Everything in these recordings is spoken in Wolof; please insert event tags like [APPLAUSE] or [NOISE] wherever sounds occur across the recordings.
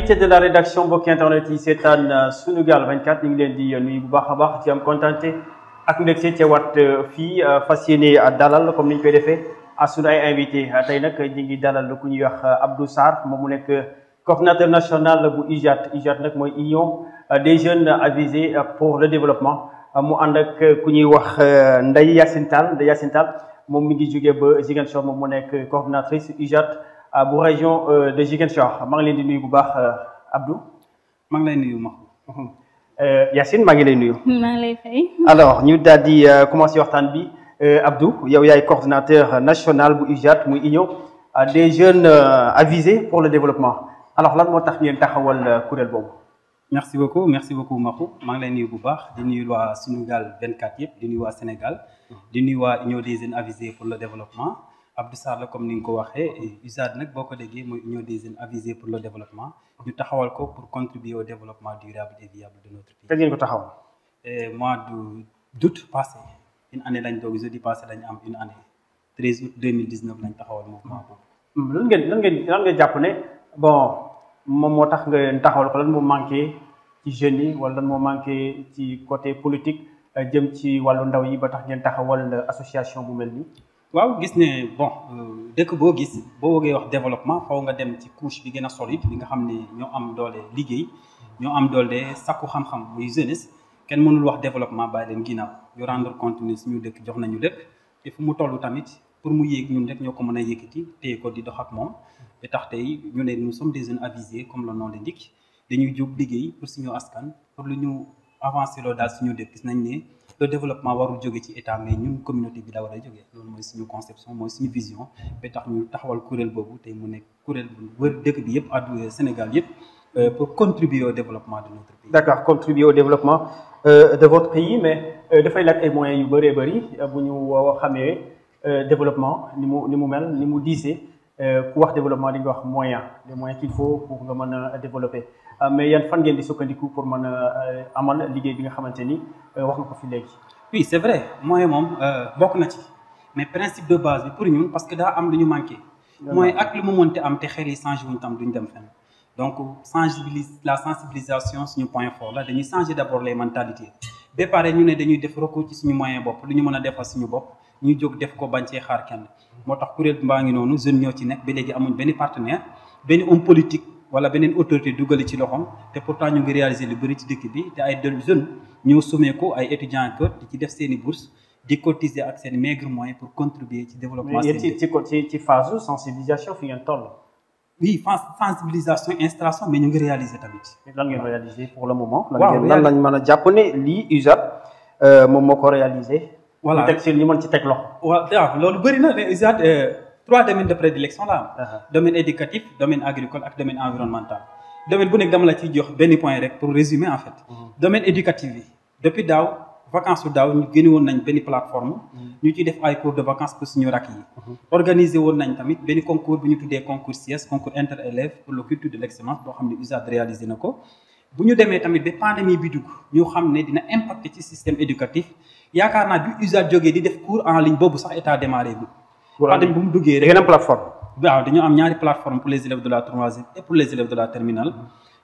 invité de la rédaction mbokk internet yi seetaan euh, Sunugal 24 ñu ngi leen di euh, nuyu bu baax a baax ci am contenté ak mbégte teewaat euh, fii fas yéene dalal comme ni ñu koy defee à sunu ay invité tey nag ñu ngi dalal ku ñuy wax Abdou Sarr moom mu nekk coordinateur national bu UJAT UJAT nag mooy union des jeunes avisés pour le développement mu ànd ak ku ñuy wax Ndeye Yacine Tall Ndeye Yacine moom mi ngi jógee ba Ziguinchor moom mu nekk coordinatrice UJAT bu région euh, de Ziguinchor maa ngi leen di nuyu bu baax euh, Abdou. maa ngi lay nuyu ma. [LAUGHS] Euh, Yacine maa ngi nuyu. maa ngi lay fay. alors ñu daal di commencer waxtaan bi Abdou yow yaay coordinateur national bu UJAT muy union des jeunes avisés pour le développement alors lan moo tax ngeen taxawal kuréel boobu. merci beaucoup merci beaucoup Makhou maa ngi lay nuyu bu baax di nuyu waa Sunugal 24 yëpp di nuyu waa Sénégal di nuyu waa union des jeunes avisés pour le développement. Abdou Sarr la comme ni nga ko waxee USAID nag boo ko déggee mooy union des jeunes avisés pour le développement ñu taxawal ko pour contribuer au développement durable et viable de notre pays. kañ ngeen ko taxawal. mois de d'août passé une année lañ doog jeudi passé dañ am une année 13 août 2019 lañ taxawal mouvement boobu. Hmm, lan ngeen lan ngeen jàpp ne bon moom moo tax nga taxawal ko lan moo manqué ci jeunes yi wala lan moo manqué ci côté politique jëm ci wàllu ndaw yi ba tax ngeen taxawal association bu mel nii. waaw gis ne bon euh, dëkk boo gis boo bëggee wax développement faw nga dem ci couche bi gën a solide bi nga xam ne ñoo am doole liggéey ñoo am doole sakku xam-xam muy jeunesse kenn mënul wax développement bàyyi leen ginnaaw yu rendre compte ne suñu dëkk jox nañu lépp te fu mu toll tamit pour mu yéeg ñun rek ñoo ko mën a yëkkati téye ko di dox ak moom te tax tey ñu leen nous sommes des jeunes avisés comme noon nom l'indique dañuy jóg liggéey pour suñu askan pour avancé loolu daal suñu def gis nañ ne développement warul jóge ci état mais ñun communauté bi la war a jógee loolu mooy suñu conception mooy suñu vision ba tax ñu taxawal kuréel boobu tey mu nekk kuréel bu wër dëkk bi yëpp àdduna Sénégal yëpp euh, pour contribuer au développement de notre pays. d'accord contribuer au développement euh, de votre pays mais euh, dafay laaj ay moyens yu bëree bëri bu ñu xamee développement ni mu ni mu mel ni mu diisee. Euh, ku wax développement di nga wax moyen les moyens qu'il faut pour nga mën a développer euh, mais yan fan ngeen di sukkandiku pour mën a euh, amal liggéey bi nga xamante ni wax nga ko fi léegi. oui c'est vrai moyen moom bokk na ci mais principe de base pour ñun parce que daa am lu ñu manqué. mooy ak lu mu mënti am te xel yi changé wuñ tam ñu dem fenn. donc sensibilis la sensibilisation suñu point fort la dañuy changer d'abord les mentalités ba pare ñu ne dañuy def recours ci suñu moyen bopp lu ñu mën a defal suñu ñu jóg def ko bañ cee xaar kenn. moo tax kuréel mbaa ngi noonu jeune ñoo ci nekk bi léegi amuñ benn partenaire benn homme politique wala beneen autorité dugali ci loxoom te pourtant ñu ngi réaliser lu bëri ci dëkk bi te ay del jeune ñoo sumee ay étudiants kër di ci def seen i bourse di cotiser ak seen maigre moyen pour contribuer ci développement. seen ci ci ci phase sensibilisation fi ngeen toll. oui sensibilisation installation mais ñu ngi réaliser tamit. lan ngeen réaliser pour le moment. lan mën a jàpp ne lii UJAT euh, moom moo ko réaliser. voilà ñu teg si ñu mën ci teg loxo. waaw ah, loolu bëri na ne ISRA euh, trois domaines de prédilection la am. domaine éducatif domaine agricole ak domaine environnemental. domaine bu nekk dama la ciy jox benn point rek pour résumer en fait. Mhm. domaine éducatif bi depuis daaw vacances su daaw ñu génne woon nañ benn plateforme. Mhm. ñu ci def ay cours de vacances pour suñu rakk yi. Mhm. organiser woon nañ tamit benn concours bu ñu tuddee concours CIES concours inter élèves pour le culture de l' excellence boo xam ne USAID réalisé na ko. demee tamit ba pandémie bi dugg xam ne dina impacté ci système éducatif. yaakaar naa bi usage jógee di def cours en ligne boobu sax état démarré bi pandémie bu mu duggee rek am plateforme waaw am ñaari plateforme pour les élèves de la troisième et pour les élèves de la terminale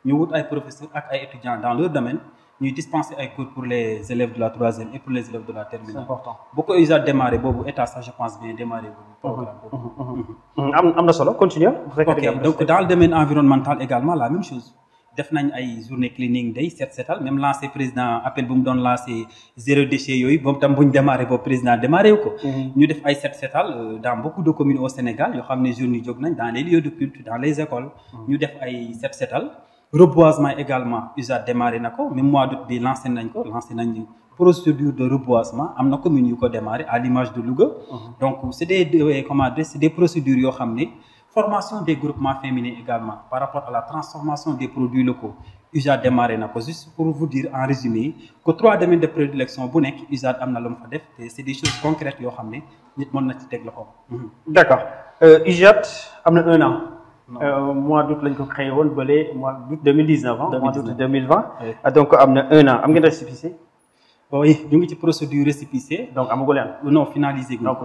ñu wut ay professeurs ak ay étudiants dans leur domaine ñuy dispenser ay cours pour les élèves de la troisième et pour les élèves de la terminale. c'est important bu ko boobu état sax je pense bien démarré boobu mmh, mmh, mmh, am na solo continuer dans le domaine environnemental def nañ ay journée cleaning day set setal même lancé président appel bu mu doon lancé zéro déchet yooyu boobu tam bu ñu démarré président démarré wu ko mm-hmm. ñu def ay set setal euh, dans beaucoup de communes au Sénégal yoo xam ne jeunes yi nañ dans les écoles mm-hmm. ñu def ay set setal reboisement également USAID démarré na ko même mois d'août bi lancé nañ ko lancé nañ procédure de reboisement am na commune yu ko démarré à l'image de Louga mm-hmm. donc c'est des comment formation des groupements féminins également par rapport à la transformation des produits locaux UJAD démarré na ko juste pour vous dire en résumé que trois domaines de prédilection bu nekk UJAD am na lu mu fa def te c'est des choses concrètes yoo xam nit mën na ci teg loxo. Mhm. d'accord UJAD euh, na un an. Euh, mois d'août lañ ko créé woon bële donc am na un an am oui ñu ngi ci procédure récépissé donc amagu leen non finalisé gu donc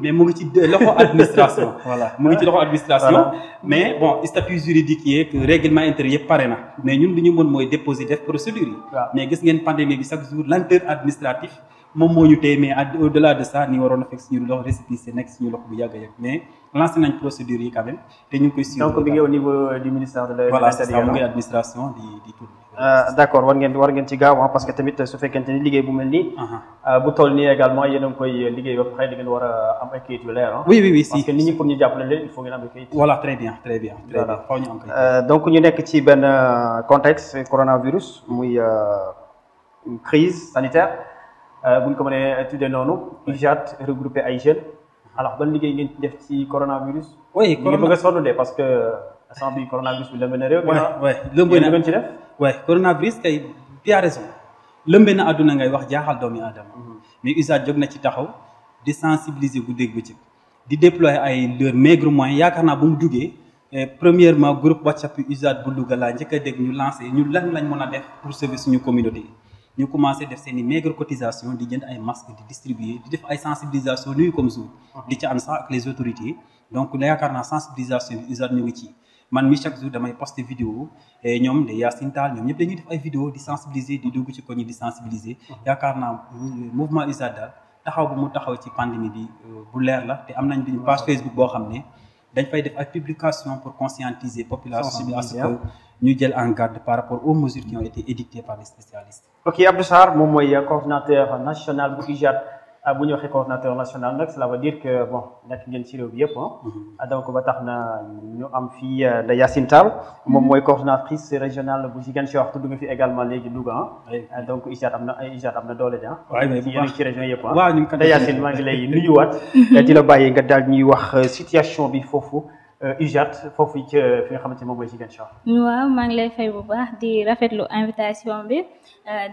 mais [LAUGHS] mu ngi ci loxo administration voilà mu ngi ci loxo administration mais bon statut juridique yeeg règlement intérieur yëpp pare na mais ñun li ñu mën mooy déposer def procédure yi mais gis ngeen pandémie bi chaque jour lenteur administratif moom moo ñu téye mais au delà de ça ni waroon a fekk suñu loxo récépissé nekk suñu loxo bu yàgg yàgg mais lancé nañ procédure yi quand te ñu koy suivre bi euh, du ministère euh, war ngeen war uh-huh. euh, nii également yéen a ngi koy liggéey ba pare da ngeen war a am ay kayit yu leer oui oui oui si parce que nit ñi pour ñu jàppale leen il faut ngeen am ay kayit voilà très bien très bien très bien faw ñu am kayit donc ñu nekk ci benn contexte coronavirus muy crise sanitaire Euh, buñ ko mënee tuddee noonu UJAT regroupé ay jeunes alors ban liggéey ngeen def ci coronavirus. oui corona ñu bëgg a sonn de parce que instant bi coronavirus bi lëmbe na réew. waaw ah. waaw lëmbee na ci def. waaw coronavirus kay tu as raison lëmbee na àdduna ngay wax jaaxal yi aadama. Mhm. mais UJAT jóg na ci taxaw di sensibiliser guddeeg bëccëg di déployer ay leur maigre moyen yaakaar naa bu mu duggee. Eh, premièrement groupe WhatsApp UJAT bu Louga laa njëkk a dégg ñu lancé ñu lan lañ mën a def pour servir suñu communauté ñu commencé def seen i maigre cotisation di jënd ay masques di distribuer di def ay sensibilisation nuyu comme jour di ci am sax ak les autorités donc yaakaar naa sensibilisation bi usage ñu ngi ci man mi chaque jour damay posté ñoom de Yacine Tall ñëpp dañuy ay vidéo di sensibiliser di dugg ci ko ñi di sensibiliser yaakaar naa euh, mouvement usage daal taxaw bu mu taxaw ci pandémie bi euh, bu leer la te am nañ bi ñu page Facebook boo xam ne dañ fay def ak publication pour conscientiser population bi à ce jël en garde par rapport aux mesures qui ont été édictées par les spécialistes ok Abdou Sarr moom mooy coordinateur national bu IJAT Ah, bu ñu waxee coordinateur national nag ci réew bi yëpp mm-hmm. ah, donc ba tax na ñu am fii euh, da Yacine mm-hmm. moom mooy coordinatrice régionale bu Ziguinchor tudd nga fi également léegi Louga ah donc IJAT am na IJAT am na doole ja yéen ci région yëpp da Yacine maa ngi lay nuyuwaat [LAUGHS] eh, di la bàyyi nga daal ñuy wax euh, situation bi foofu euh, IJAT foofu ci fi nga xamante moom mooy Ziguinchor waaw maa ngi lay fay bu baax di rafetlu invitation bi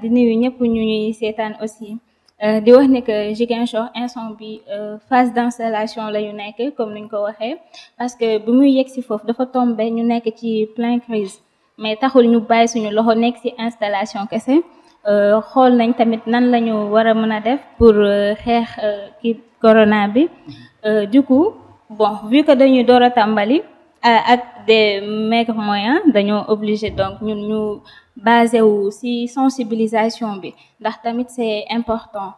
di nuyu ñëpp ñu ñuy seetaan aussi Euh, di wax ne que Ziguinchor instant bi euh, phase d' installation la ñu nekk comme ni ñu ko waxee parce que bu muy yegg si foofu dafa tombé ñu nekk ci plein crise mais taxul ñu bàyyi suñu loxo nekk si installation kese euh, xool nañ tamit nan la ñu war a mën a def pour xeex ki corona bi du coup bon vu que dañuy door a tàmbali ak des maigres moyens dañoo obligé donc ñun ñu basé wu ci sensibilisation bi ndax tamit c'est important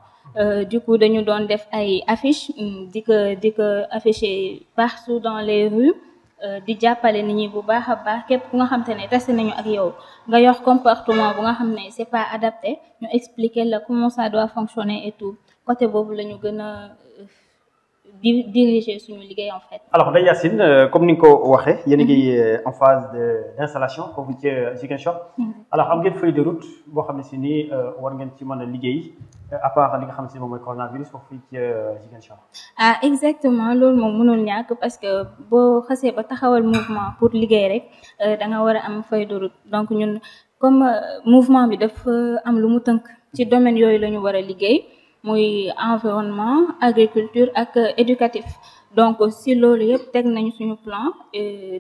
euh, du coup dañu doon def ay affiche mm, di ko di ko afficher partout dans les rues euh, di jàppale ni ñi bu baax a baax képp ku nga xam te ne tase nañu ak yow nga yor comportement bu nga xam ne c'est pas adapté ñu expliquer la comment ça doit fonctionner et tout côté boobu la ñu gën a di suñu liggéey en fait. alors Ndeye Yacine euh, comme ni nga ko waxee. yéen a ngi euh, en phase de d' installation foofu ci am ngeen feuille de route boo xam ne si nii euh, war ngeen ci mën a liggéey à part li xam ne si moom a coronavirus foofu ci Ziguinchor. ah exactement loolu moom mënul ñàkk parce que boo xasee ba taxawal mouvement pour liggéey rek danga war am feuille de route donc ñun comme mouvement bi def am lu mu tënk ci domaine yooyu la ñu war a liggéey. muy environnement agriculture ak euh, éducatif donc si loolu yëpp teg nañu suñu plan euh,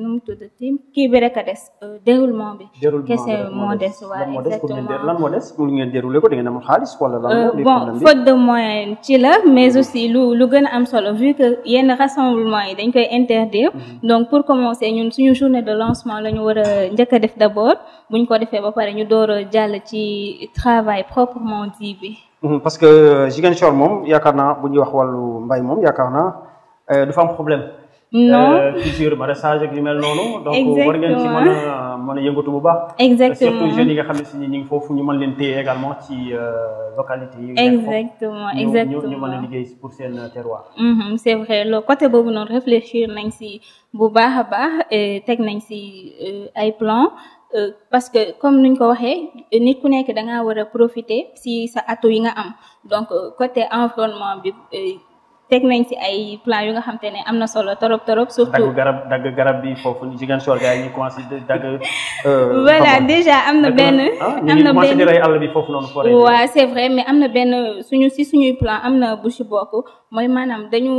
nu mu tuddati kii bi rek a des euh, déroulement bi. kese moo des waaye exactement lan moo des mu ngeen ko da ngeen amul xaalis wala lan moo bon faute de moyen ci la mais aussi lu lu gën a am solo vu que yenn rassemblement yi dañ koy interdire. Mhm. donc pour commencer ñun suñu journée de lancement la ñu war a njëkk a def d' abord bu ñu ko defee ba pare ñu door a jàll ci travail proprement dit bi. Mhm, parce que euh, Ziguinchor moom yaakaar naa bu ñuy wax wàllu mbay moom yaakaar naa euh, du fa am problème. non euh, noonu. donc war ngeen a a yëngatu bu baax. exactement surtout jeunes yi nga xam ne si ñu ngi foofu ñu mën leen téye également ci localité yi. exactement exactement ñu mën a liggéey pour seen terroir. Mhm, c' est vrai le côté boobu noonu réfléchir nañ si bu baax a baax teg nañ si ay Euh, parce que comme nuñ ko waxee nit ku nekk da ngaa war a profiter si sa atu yi nga am donc euh, côté environnement bi euh, teg nañ si ay plan yu nga xam te ne am na solo torop torop surtout dagg garab dagg garab bi foofu Ziguinchor gars yi ñu commencé dagg. [LAUGHS] voilà déjà am na benn. Ah, am na benn àll bi foofu noonu. forêt waaw c'est vrai mais am na benn suñu si suñuy plan am na bu si mooy maanaam dañu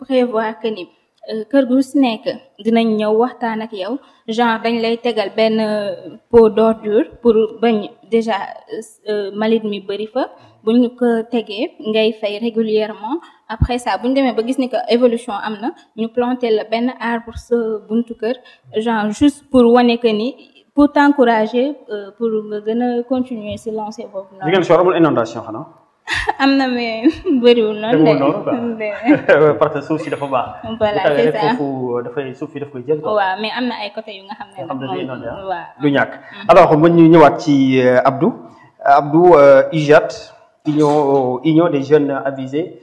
prévoir que ni. Euh, kër gu si nekk dinañ ñëw waxtaan ak yow genre dañ lay tegal benn euh, pot d'ordure pour bañ déjà euh, malit mi bëri fa bu ñu ko tegee ngay fay régulièrement après ça bu ñu demee ba gis ni que évolution am na ñu planter la benn arbre sa buntu kër genre juste pour wane que ni pour t'encourager pour nga gën a continuer si lancer boobu noonu. Ziguinchor amul inondation xanaa. am na mais bëriwul noonu. demul parce que suuf si dafa baax. si daf koy jël. waaw mais am na ay côté yu nga xam ne. waaw du ñàkk. alors mën ñu ñëwaat ci Abdou Abdou UJAT union union des jeunes avisés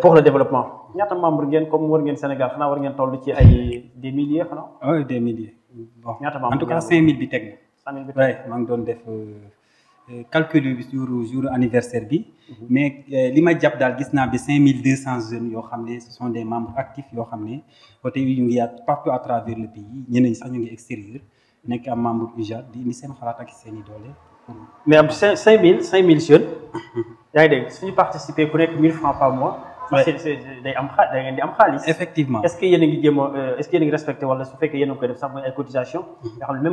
pour le développement ñaata membre ngeen comme war ngeen Sénégal xanaa war ngeen toll ci ay des milliers xanaa. oui oh, des milliers. bon en bi teg na. 5000 maa ngi doon def. Eh, Euh, calcul bi jour jour anniversaire bi. Mhm. mais euh, li ma jàpp daal gis naa bi 5200 jeunes yoo xam ne ce sont des membres actifs yoo xam ne côté yi ngi yaat partout à travers le pays ñeneen ñi sax ñu ngi extérieur nekk am membre UJAD di indi seen xalaat ak seen i doole. Mhm. mais am 5000 5000 jeunes. Mhm. yaa ngi dégg suñu participer ku nekk 1000 francs par mois. day am xaalis am xaalis. effectivement est-ce que yéen a ngi jéem a euh, est-ce que yéen a ngi respecté wala su fekkee yéen a ngi koy def sax mooy ay cotisation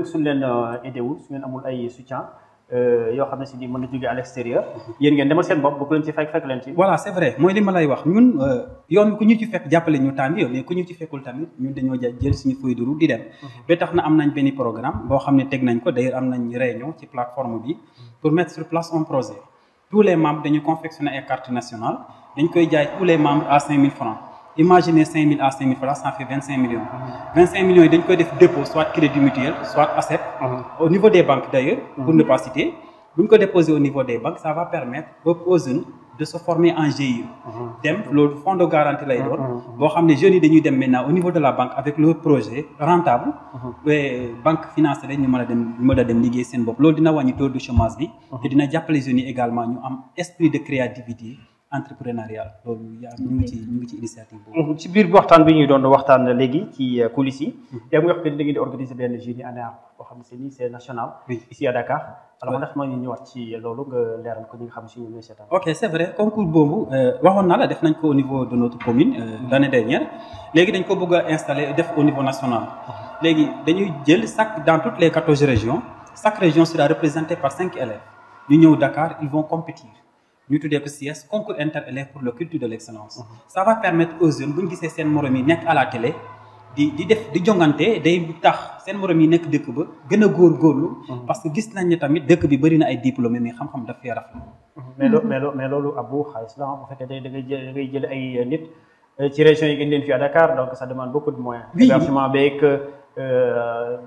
su ngeen amul ay soutien. Euh, yoo xam ne si ni mën na jóge à l'extérieur yéen ngeen demal seen bopp bu ko leen ci fekk fekk leen ci voilà c'est vrai mooy li wax ñun euh, yoon ku ñu ci fekk jàppale ñu tambi mais ku ñu ci fekkul tamit ñun dañoo jël mhm. ci plateforme bi pour mettre sur place un projet tous les membres dañu confectionner ay carte nationale dañ koy jaay tous les membres à 5000 francs imaginez 5000 à 5000 francs ça fait mhm. millions yi dañ koy def dépôt soit crédit mutuel soit au niveau des banques d'ailleurs mhm. bu ñu ko déposer au niveau des banques ça va permettre aux jeunes de se former en GIE mhm, dem loolu fonds de garantie lay doon mhm, boo xam ne jeunes yi dañuy dem maintenant au niveau de la banque avec leur projet rentable banque financée la ñu mën a dem ñu a dem liggéey seen bopp loolu dina wàññi taux de chômage bi te dina jàppale jeunes yi également ñu am esprit de créativité entrepreneurial loolu yaa ñu ngi ci ñu ngi ci initiative boobu. Mhm. ci biir waxtaan bi ñuy doon waxtaan léegi ci euh, coulisses yi. Mhm. yaa ngi wax que da ngeen di organiser benn Jeunes ANAR xam ne nii c'est national. ici à Dakar. alors ndax maa loolu nga leeral ko ñi xam si ñoom ñooy seetaan. ok c'est vrai concours boobu euh, waxoon naa la def nañ ko niveau de notre commune. Euh, mhm. l'année dernière léegi dañ ko bëgg a installer def au niveau national. léegi dañuy jël chaque dans toutes les quatorze régions chaque région sera représentée par cinq élèves ñu ñëw Dakar ils vont compétir. ñu tuddee ko CIES concours inter élèves pour le culture de l' excellence. ça va permettre aux jeunes bu ñu gisee seen morom yi nekk à di di def di jongante day tax seen morom yi nekk dëkk ba gën a góor góorgóorlu. parce que gis nañ ne tamit dëkk bi bëri ay diplômés mais xam-xam daf raf rafetlu. mais loolu Abou xaalis la bu da ngay jël da ngay jël ay nit euh, yi gën leen fii à Dakar donc ça demande beaucoup de moyens. oui hébergement beeg euh,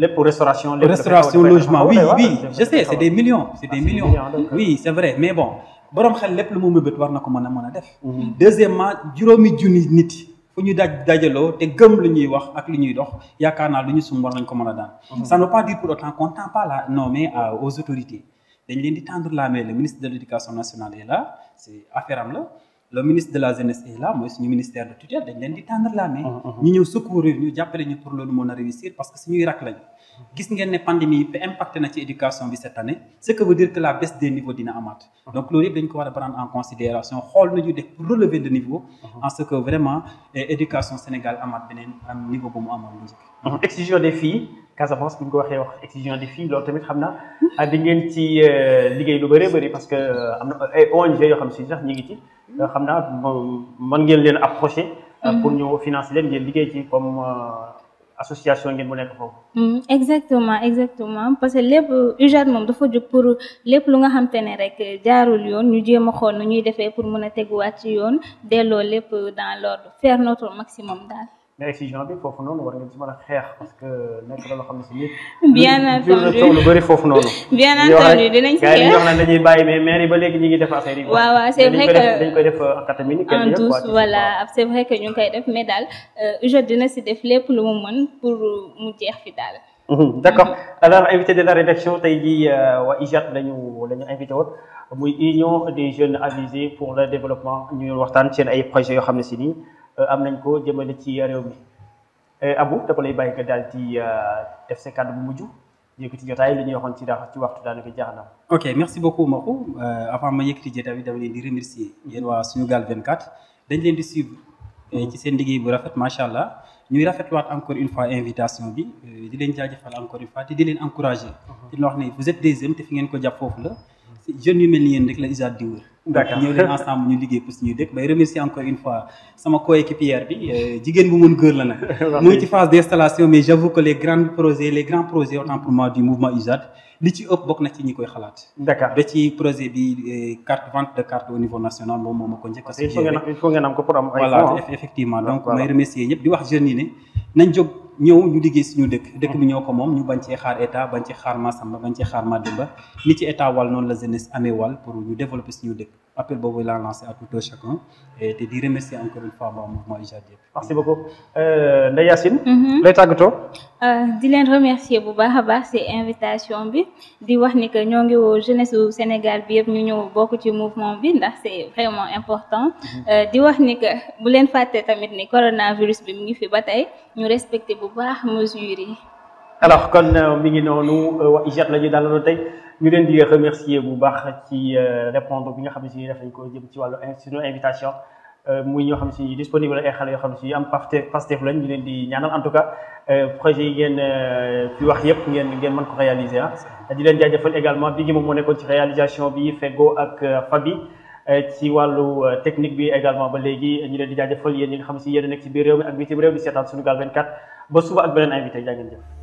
lépp restauration. lépp restauration logement oui oui je sais c' est des millions. c' des millions euh, oui c' vrai mais bon. boroom xel lépp lu mu mëbët war na ko mën a mën a def. Mhm. deuxièmement juróomi junni nit fu ñu daj dajaloo te gëm lu ñuy wax ak lu ñuy dox yaakaar naa lu ñu sum war nañ ko mën a daan. Mhm. ça ne veut pas dire pour autant qu'on ne tend pas la nommer aux autorités dañ leen di tendre la ministre de l'éducation nationale est là c'est affaire am la. ministre de la jeunesse est là mooy suñu ministère de tutelle dañ leen di tendre la mhm, ñu ñëw secourir ñu jàppale ñu pour parce que suñuy rak gis ngeen ne pandémie bi impacté na ci éducation bi cet année ce que veut dire que la baisse des niveaux dina amaat donc loolu yëpp dañ ko war a prendre en considération xool nañu def pour relever le niveau uh-huh. en ce que vraiment eh, éducation Sénégal amat beneen am niveau bu mu amoon logique uh-huh. excision des filles Casamance bu ñu ko waxee wax excision des filles loolu tamit xam naa hmm? di ngeen ci euh, liggéey lu bëree bëri parce que euh, am na ay ONG yoo xam si sax ñu ngi ci hmm? euh, xam naa man ngeen leen approché hmm? pour ñu financer leen ngeen liggéey ci comme association ngeen bu nekk foofu. Hmm, exactement exactement parce que lépp UJAD moom dafa jóg pour lépp lu nga xam te ne rek jaarul yoon ñu jéem a xool nu ñuy defee pour mun a teguwaat ci yoon delloo lépp dans l'ordre faire notre maximum daal. mais excision bi foofu noonu war ngeen si mën a xeex parce que nekk na loo xam ne si nit. bien entendu lu bëri foofu noonu. bien entendu dinañ si xeex gars yi wax nañ dañuy bàyyi mais maire yi ba léegi ñu ngi def affaire yi. waaw waaw c' est vrai que dañ koy def euh, en cataminique. en douce voilà c' est vrai que ñu ngi koy def mais daal euh, UJOT dina si def lépp lu mu mën pour mu jeex fi daal. d' accord alors invité de la rédaction tey jii euh, waa UJOT lañu lañu invité woon muy union des jeunes avisés pour le développement ñu waxtaan seen ay projets yoo xam ne si nii. Euh, am nañ ko jëmale ci réew mi euh, Abou dafa lay bàyyi nga daal di euh, def sa kàddu bu mujj yëkkati jotaay li ñuy waxoon ci daax ci waxtu daanaka jaax na ok merci beaucoup Makhou avant ma yëkkati jotaay bi dama leen di remercier yéen waa Sunugal 24 dañ leen di suivre ci seen liggéey bu rafet macha allah ñuy rafetluwaat encore une fois invitation bi di leen jaajëfal encore une fois te di leen encourager. Uh-huh. di leen wax ne te fi ngeen ko jàpp foofu la jeunes yu mel ni yéen rek la ISRA di wër d'accord ñëw leen ensemble ñu liggéey pour suñuy dëkk bay remercier encore une fois sama coéquipière bi euh, jigéen bu mën góor la nag [LAUGHS] muy ci phase d'installation mais j'avoue que les grands les grands projets autant pour du mouvement UJAD li ci ëpp bokk na ci ñi koy xalaat d'accord ci projet bi euh, carte vente de carte au niveau national moom moo ma ko njëkk a il faut ngeen ko pour am ay voilà effectivement ñu liggéey suñu dëkk dëkk ko moom ñu bañ cee xaar état bañ cee xaar Massamba bañ cee xaar Madimba ni ci état wàll noonu la ñu développer suñu dëkk appel boobu laa lancé à tout un chacun et te di remercier encore une fois waa mouvement IJAD yëpp. merci beaucoup euh, Ndeye Yacine. Mhm. lay tàggatoo. Euh, di leen remercier bu baax a baax ci invitation bi di wax ni que ñoo ngi woo jeunesse su Sénégal bi yëpp ñu ñëw bokk ci mouvement bi ndax c'est vraiment important. Mhm. Euh, di wax ni que bu leen fàtte tamit ni coronavirus bi mu ngi fi ba tey ñu respecté bu baax mesures yi. alors kon mi ngi noonu waa IJAD la ñu dalaloon tey. ñu leen di remercier bu baax ci euh, répondre bi nga xam ne si def nañ ko jëm ci wàllu sunu invitation euh, mu ñoo xam si disponible ay xale yoo xam si am Pastef lañ ñu leen di ñaanal en tout cas euh, projet yi ngeen fi wax yëpp ngeen ngeen mën ko réaliser ah di leen jaajëfal également bi gi moom moo nekkoon ci réalisation bi Fego ak Fabi ci wàllu technique bi également ba léegi ñu leen di jaajëfal yéen ñi nga xam si yéen a nekk ci biir réew mi ak bitim réew invité jaa ngeen